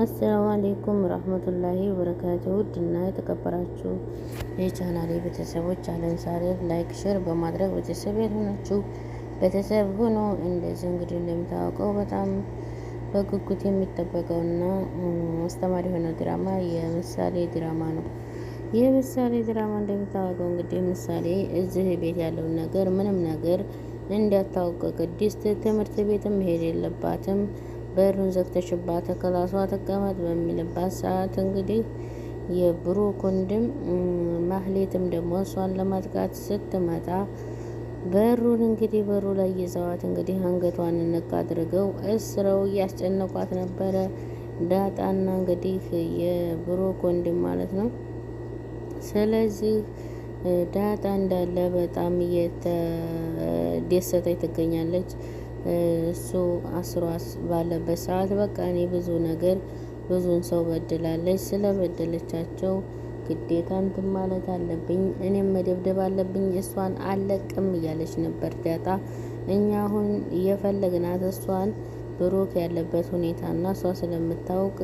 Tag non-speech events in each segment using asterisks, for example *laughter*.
አሰላሙ አሌይኩም ረህመቱላሂ ወበረካቱ። ውድና የተከበራችሁ የቻናሌ ቤተሰቦች አለም ሳሌት ላይክ፣ ሼር በማድረግ ቤተሰብ ያልሆናችሁ ቤተሰብ ሆኖ እንደዚህ እንግዲህ እንደሚታወቀው በጣም በጉጉት የሚጠበቀውና አስተማሪ የሆነው ድራማ የምሳሌ ድራማ ነው። ይህ ምሳሌ ድራማ እንደሚታወቀው እንግዲህ ምሳሌ እዚህ ቤት ያለውን ነገር ምንም ነገር እንዳታወቀ ቅድስት ትምህርት ቤትም መሄድ የለባትም በሩን ዘግተሽባት ተከላሷ ተቀመጥ በሚልባት ሰዓት እንግዲህ የብሩክ ወንድም ማህሌትም ደግሞ እሷን ለማጥቃት ስትመጣ በሩን እንግዲህ በሩ ላይ ይዘዋት እንግዲህ አንገቷን እንቅ አድርገው እስረው እያስጨነቋት ነበረ። ዳጣና እንግዲህ የብሩክ ወንድም ማለት ነው። ስለዚህ ዳጣ እንዳለ በጣም እየተደሰተች ትገኛለች። እሱ አስሯስ ባለበት ሰዓት በቃ እኔ ብዙ ነገር ብዙን ሰው በድላለች። ስለበደለቻቸው ግዴታ እንትን ማለት አለብኝ፣ እኔም መደብደብ አለብኝ፣ እሷን አለቅም እያለች ነበር ዳጣ። እኛ አሁን እየፈለግናት እሷን ብሩክ ያለበት ሁኔታ እና እሷ ስለምታውቅ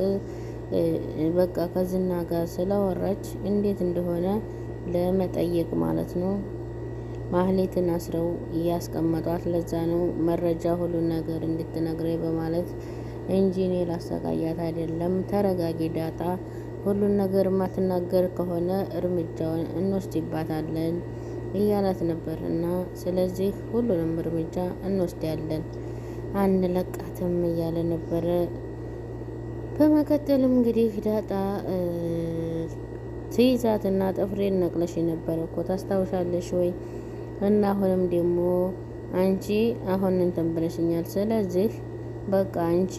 በቃ ከዝና ጋር ስላወራች እንዴት እንደሆነ ለመጠየቅ ማለት ነው። ማህሌትን አስረው እያስቀመጧት ለዛ ነው መረጃ ሁሉን ነገር እንድትነግረኝ በማለት እንጂ እኔ ላሰቃያት አይደለም። ተረጋጊ ዳጣ፣ ሁሉን ነገር ማትናገር ከሆነ እርምጃውን እንወስድባታለን እያላት ነበር እና ስለዚህ ሁሉንም እርምጃ እንወስዳለን አንለቃትም እያለ ነበረ። በመቀጠልም እንግዲህ ዳጣ ትይዛትና ጥፍሬን ነቅለሽ የነበረ እኮ ታስታውሻለሽ ወይ? እና አሁንም ደግሞ አንቺ አሁን እንትን ብለሽኛል። ስለዚህ በቃ አንቺ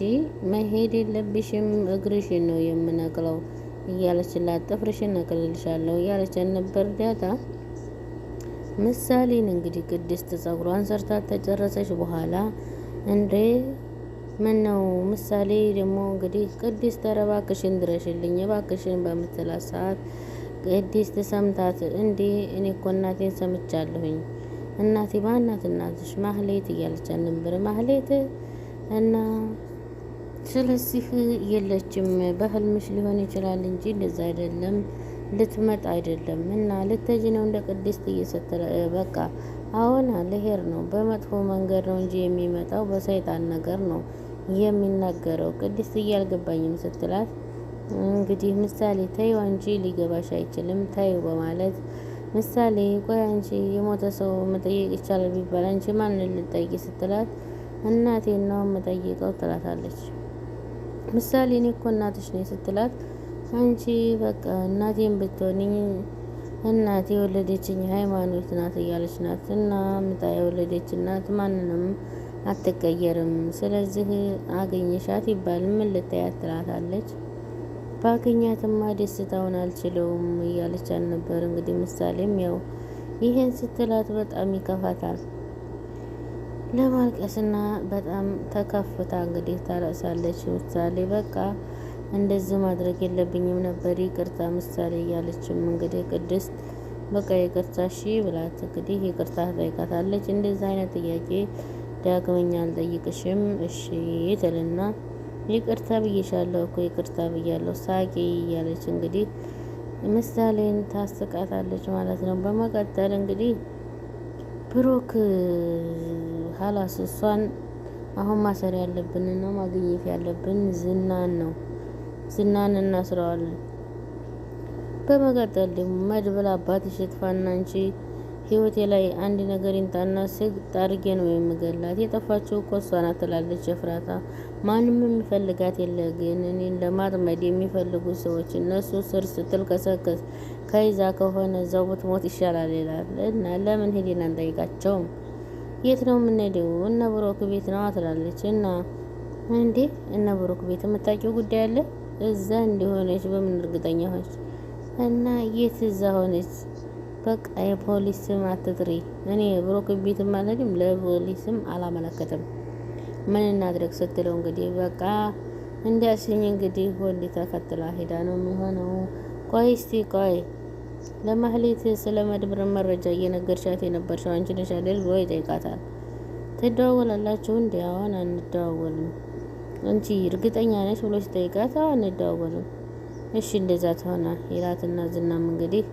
መሄድ የለብሽም እግርሽን ነው የምነቅለው እያለችላት ጥፍርሽን ነቅልልሻለሁ እያለችን ነበር ዳታ ምሳሌን እንግዲህ ቅድስት ጸጉሯን ሰርታ ተጨረሰች በኋላ እንዴ ምን ነው ምሳሌ ደግሞ እንግዲህ ቅድስት ኧረ እባክሽን ድረሽልኝ እባክሽን በምትላት ሰዓት ቅድስት ሰምታት እንዲህ እኔ እኮ እናቴን ሰምቻለሁኝ። እናቴ ማናት? እናትሽ ማህሌት እያለቻት ነበር። ማህሌት እና ስለዚህ የለችም። በህልምሽ ሊሆን ይችላል እንጂ እንደዛ አይደለም። ልትመጣ አይደለም እና ልትሄጂ ነው እንደ ቅድስት እየሰተረ በቃ አሁን ልሄድ ነው። በመጥፎ መንገድ ነው እንጂ የሚመጣው በሰይጣን ነገር ነው የሚናገረው። ቅድስት እያልገባኝም ስትላት እንግዲህ ምሳሌ ተይው አንቺ ሊገባሽ አይችልም ተይው በማለት ምሳሌ ቆይ አንቺ የሞተ ሰው መጠየቅ ይቻላል ቢባል አንቺ ማንን ልጠይቅ ስትላት እናቴን ነው የምጠይቀው ትላታለች። ምሳሌ እኔ እኮ እናትሽ ነኝ ስትላት አንቺ በቃ እናቴን ብትሆኒ እናቴ የወለደችኝ ሃይማኖት ናት እያለች ናት። እና ምጣ የወለደች እናት ማንንም አትቀየርም። ስለዚህ አገኘሻት ይባል ምን ልታያት ትላታለች። ባገኛትማ ደስታውን አልችለውም እያለች አልነበር እንግዲህ ምሳሌም ያው ይህን ስትላት በጣም ይከፋታል። ለማልቀስና በጣም ተከፍታ እንግዲህ ታለቅሳለች። ምሳሌ በቃ እንደዚህ ማድረግ የለብኝም ነበር ይቅርታ ምሳሌ እያለችም እንግዲህ ቅድስት በቃ ይቅርታ እሺ ብላት እንግዲህ ይቅርታ ትጠይቃታለች። እንደዚህ አይነት ጥያቄ ዳግመኛ አልጠይቅሽም እሺ ትልና ይቅርታ ብዬሻለሁ እኮ ይቅርታ ብያለሁ ሳቂ እያለች እንግዲህ ምሳሌን ታስቃታለች ማለት ነው። በመቀጠል እንግዲህ ብሩክ ሀላስ እሷን አሁን ማሰር ያለብን ነው ማግኘት ያለብን ዝናን ነው ዝናን እናስረዋለን። በመቀጠል ደግሞ መድብል አባትሽ ይጥፋና አንቺ ህይወቴ ላይ አንድ ነገሬን ታናስግ ጣርጌ ነው የምገላት። የጠፋችው እኮ እሷ ናት ትላለች የፍራታ ማንም የሚፈልጋት የለ፣ ግን እኔን ለማጥመድ የሚፈልጉ ሰዎች እነሱ ስር ስትል ከይዛ ከሆነ እዛው ብትሞት ይሻላል ይላል እና ለምን ሄደን አንጠይቃቸውም? የት ነው የምንሄደው? እነ ብሮክ ቤት ነው ትላለች እና እንዴ እነ ብሮክ ቤት የምታውቂው ጉዳይ አለ? እዛ እንደሆነች በምን እርግጠኛ ሆነች? እና የት እዛ ሆነች? በቃ የፖሊስ ስም አትጥሪ። እኔ ብሮክ ቤት አልሄድም፣ ለፖሊስም አላመለከትም። ምን እናድረግ ስትለው እንግዲህ በቃ እንዲያስኝ እንግዲህ ወንድ ተከትላ ሄዳ ነው የሚሆነው። ቆይ እስቲ ቆይ ለማህሌት ስለ መድብር መረጃ እየነገርሻት የነበርሽው አንቺ ነሽ አይደል ብሎ ይጠይቃታል። ትደዋወላላችሁ እንዲ? አሁን አንደዋወልም። አንቺ እርግጠኛ ነሽ ብሎ ሲጠይቃት፣ አንደዋወልም። እሺ እንደዛ ተሆነ ይላትና ዝናም እንግዲህ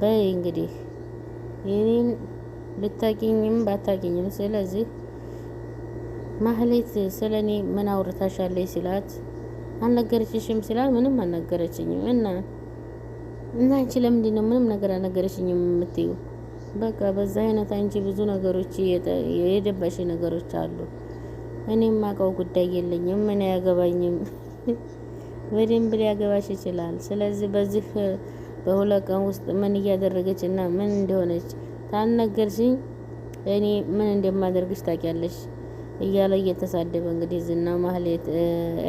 በይ እንግዲህ የኔን ብታቂኝም ባታቂኝም፣ ስለዚህ ማህሌት ስለ እኔ ምን አውርታሻለች ሲላት አልነገረችሽም ሲላት ምንም አልነገረችኝም። እና እና አንቺ ለምንድን ነው ምንም ነገር አልነገረችኝም የምትዩ? በቃ በዛ አይነት አንቺ ብዙ ነገሮች የደባሽ ነገሮች አሉ። እኔም አውቀው ጉዳይ የለኝም፣ ምን አያገባኝም። *laughs* በደንብ ሊያገባሽ ይችላል። ስለዚህ በዚህ በሁለት ቀን ውስጥ ምን እያደረገች እና ምን እንደሆነች ታነገርሽኝ እኔ ምን እንደማደርግሽ ታውቂያለሽ እያለ እየተሳደበ እንግዲህ ዝና ማህሌት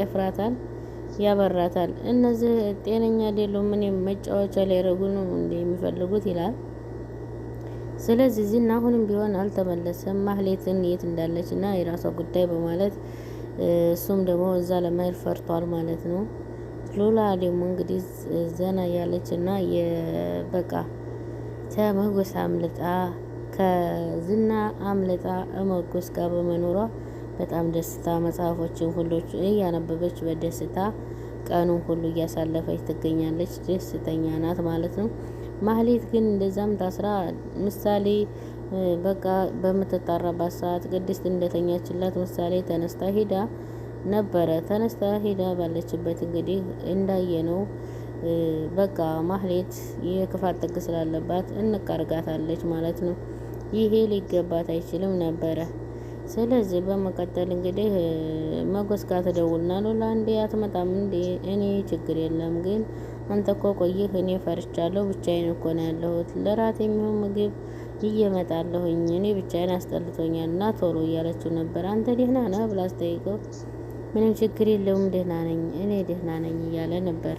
ኤፍራታን ያበራታል። እነዚህ ጤነኛ አይደሉም፣ ምን መጫወቻ ሊያደርጉ ነው እንደ የሚፈልጉት ይላል። ስለዚህ ዝና አሁንም ቢሆን አልተመለሰም። ማህሌትን የት እንዳለች እና የራሷ ጉዳይ በማለት እሱም ደግሞ እዛ ለመሄድ ፈርቷል ማለት ነው። ሉላ ደግሞ እንግዲህ ዘና ያለች እና የበቃ ከመጎስ አምልጣ ከዝና አምልጣ መጎስ ጋር በመኖሯ በጣም ደስታ መጽሐፎችን ሁሎች እያነበበች በደስታ ቀኑን ሁሉ እያሳለፈች ትገኛለች። ደስተኛ ናት ማለት ነው። ማህሌት ግን እንደዛም ታስራ ምሳሌ በቃ በምትጣራባት ሰዓት ቅድስት እንደተኛችላት ምሳሌ ተነስታ ሄዳ ነበረ። ተነስታ ሄዳ ባለችበት እንግዲህ እንዳየነው በቃ ማህሌት የክፋት ጥግ ስላለባት እንቃርጋታለች ማለት ነው። ይሄ ሊገባት አይችልም ነበረ። ስለዚህ በመቀጠል እንግዲህ መጎስ ጋር ትደውልና ሉላ እንዴ አትመጣም እንዴ? እኔ ችግር የለም ግን አንተ እኮ ቆይህ፣ እኔ ፈርቻለሁ፣ ብቻዬን እኮ ነው ያለሁት። ለራት የሚሆን ምግብ እየመጣለሁኝ እኔ ብቻዬን አስጠልቶኛል እና ቶሎ እያለችው ነበር። አንተ ደህና ነህ ብላ አስጠይቀው ምንም ችግር የለውም ደህና ነኝ እኔ ደህና ነኝ እያለ ነበር።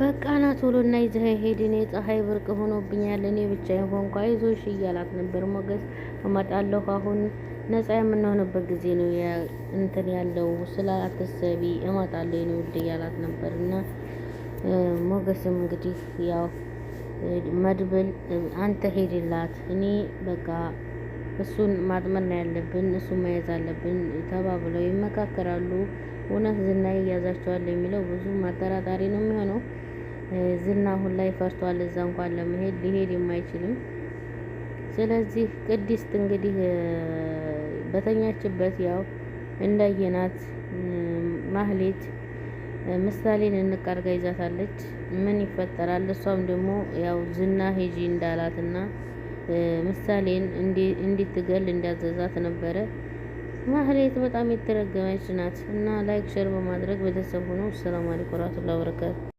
በቃ ና ቶሎ እና ይዘህ ሄድ፣ እኔ ፀሐይ ብርቅ ሆኖብኛል፣ እኔ ብቻዬን ሆንኩ፣ አይዞሽ እያላት ነበር። ሞገስ እመጣለሁ፣ አሁን ነፃ የምንሆንበት ጊዜ ነው እንትን ያለው ስላተሰቢ እመጣለሁ የኔ ውድ እያላት ነበር እና ሞገስም እንግዲህ ያው መድብል አንተ ሄድላት እኔ በቃ እሱን ማጥመና ያለብን እሱ መያዝ አለብን ተባብለው ይመካከራሉ። እውነት ዝና ይያዛቸዋል የሚለው ብዙ ማጠራጣሪ ነው የሚሆነው። ዝና አሁን ላይ ፈርቷል። እዛ እንኳን ለመሄድ ሊሄድ የማይችልም። ስለዚህ ቅድስት እንግዲህ በተኛችበት ያው እንዳየናት ማህሌት ምሳሌን እንቃርጋ ይዛታለች። ምን ይፈጠራል? እሷም ደግሞ ያው ዝና ሂጂ እንዳላትና ምሳሌን እንድትገል እንዳዘዛት ነበረ። ማህሌት በጣም የተረገመች ናት እና ላይክ ሸር በማድረግ ቤተሰብ ሆነው። ሰላም አለይኩም ወራህመቱላሂ ወበረካቱ